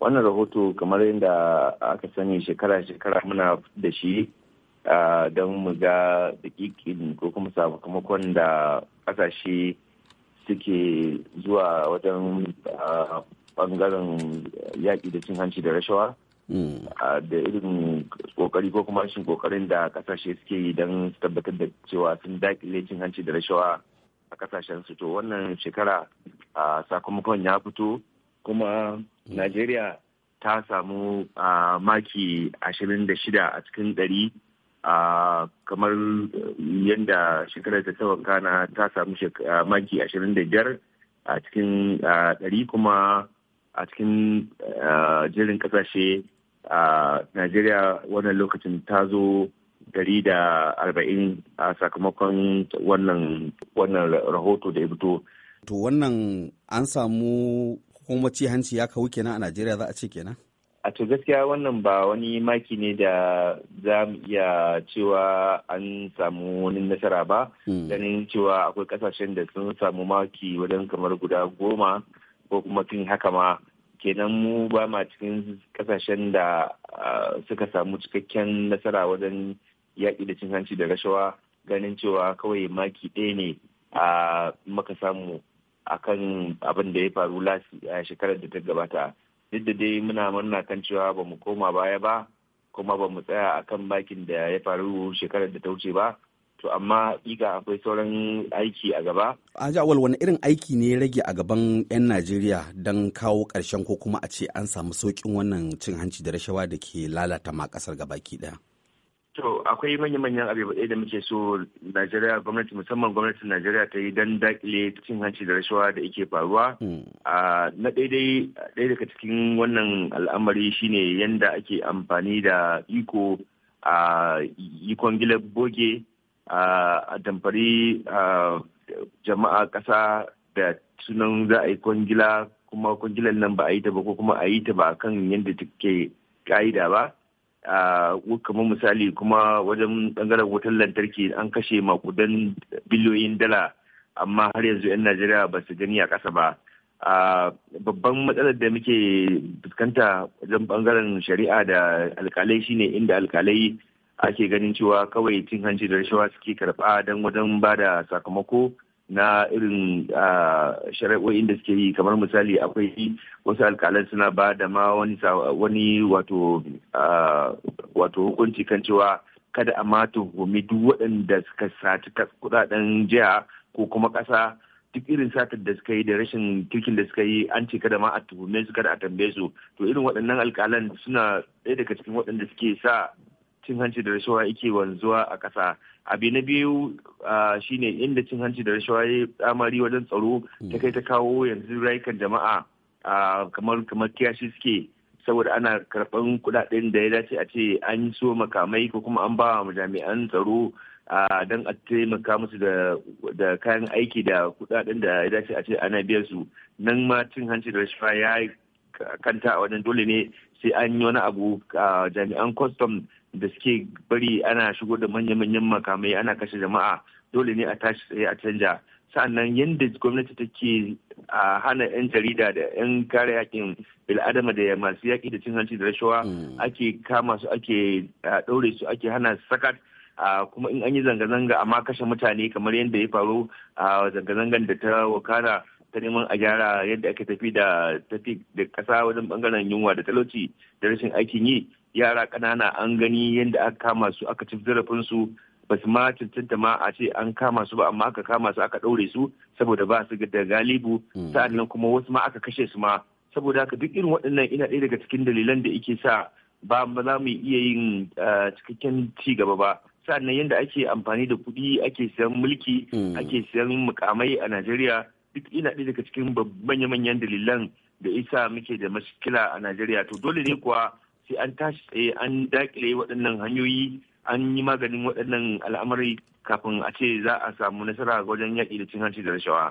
wannan rahoto kamar yadda aka sani shekara-shekara muna da shi don mu ga dakikin ko kuma sakamakon da kasashe suke zuwa wajen bangaren yaƙi da cin hanci da rashawa mm. da irin kokari ko kuma rashin kokarin da kasashe suke yi don tabbatar da cewa sun dakile cin hanci da rashawa a kasashen su to wannan shekara sakamakon ya fito kuma mm. najeriya ta samu maki ashirin da shida a cikin ɗari kamar yadda shekarar ta kana ta samu maki ashirin da a cikin dari kuma a cikin jirin ƙasashe najeriya wannan lokacin ta zo dari da arba'in a sakamakon wannan rahoto da ya fito. To wannan an samu kuma ci hanci ya kawo kenan a najeriya za a ce kenan a to gaskiya wannan ba wani maki ne da za mu iya cewa an samu wani nasara ba hmm. ganin cewa akwai kasashen da sun samu maki wajen kamar guda goma ko kuma tun haka ma kenan mu ba ma cikin kasashen da suka samu cikakken nasara wajen yaƙi da cin hanci da rashawa ganin cewa kawai maki ɗaya ne a maka samu akan abin da ya faru lasi a eh, shekarar da ta gabata duk da dai muna murna kan cewa ba mu koma baya ba kuma ba mu tsaya akan bakin da ya faru shekarar da ta wuce ba to amma ika akwai sauran aiki a gaba. a Ajawal wani irin aiki ne rage a gaban 'yan Najeriya don kawo karshen ko kuma a ce an samu sauƙin wannan cin hanci da rashawa da ke lalata ma ƙasar gabaki ɗaya. To akwai manya-manyan abubuwa da muke so Najeriya gwamnati musamman gwamnatin Najeriya ta yi dan dakile cin hanci da rashawa da yake faruwa. Hmm. Na daidai ɗaya daga cikin wannan al'amari shine yanda ake amfani da iko a ikon gila boge a damfari jama'a ƙasa da sunan za a yi kwangila kuma kwangilan nan ba a yi ta ba ko kuma a yi ta ba kan yanda take ƙa'ida ba. kamar misali kuma wajen bangaren wutar lantarki an kashe makudan biliyoyin dala amma har yanzu 'yan najeriya ba su gani a ƙasa ba babban matsalar da muke fuskanta wajen bangaren shari'a da alkalai shine inda alkalai ake ganin cewa kawai cin hanci da rashawa suke karɓa don wajen ba da sakamako na irin shari'o'in da suke yi kamar misali akwai wasu alkalai suna ba da ma wani wato wato hukunci kan cewa kada a mata tuhumi duk waɗanda suka sati kudaden jiha ko kuma ƙasa duk irin satar da suka yi da rashin kirkin da suka yi an ce kada ma a tuhume su kada a tambaye su to irin waɗannan alƙalan suna ɗaya daga cikin waɗanda suke sa cin hanci da rashawa yake wanzuwa a ƙasa abu na biyu shine inda cin hanci da rashawa ya tsamari wajen tsaro ta mm. kai ta kawo yanzu rayukan jama'a kamar kamar kiyashi suke saboda ana karɓan kuɗaɗen da ya dace a ce an so makamai ko kuma an ba wa jami'an tsaro don a taimaka musu da kayan aiki da kuɗaɗen da ya dace a ce ana biyan su nan ma cin hanci da rashawa ya kanta a wajen dole ne sai an yi wani abu jami'an kwastam da suke bari ana shigo da manya-manyan makamai ana kashe jama'a dole ne a tashi tsaye a canja sa'annan yadda gwamnati take a hana 'yan jarida da 'yan kare yakin bil'adama da masu yaƙi da cin hanci da rashawa mm. ake kama su ake ɗaure su ake hana sakat kuma in an yi zanga-zanga amma kashe mutane kamar yadda ya faru a zanga-zangan da ta wakana ta neman a gyara yadda ake tafi da tafi da ƙasa wajen bangaren yunwa da talauci da rashin aikin yi yara kanana an gani yadda aka kama su aka ci su. ba su ma cancanta ma a ce an kama su ba amma aka kama su aka ɗaure su saboda ba su da galibu hmm. sa'an nan kuma wasu ma aka kashe su ma saboda haka duk irin waɗannan ina ɗaya daga cikin dalilan da ike sa ba za mu iya yin eh, cikakken ci gaba ba sa'an nan yadda ake amfani da kuɗi ake siyan mulki hmm. ake siyan mukamai a Najeriya duk ina ɗaya daga cikin manya-manyan dalilan da isa muke da mashikila a Najeriya to dole ne kuwa sai an tashi tsaye an dakile waɗannan hanyoyi an yi maganin waɗannan al'amari kafin a ce za a samu nasara wajen yaƙi da cin hanci da rashawa.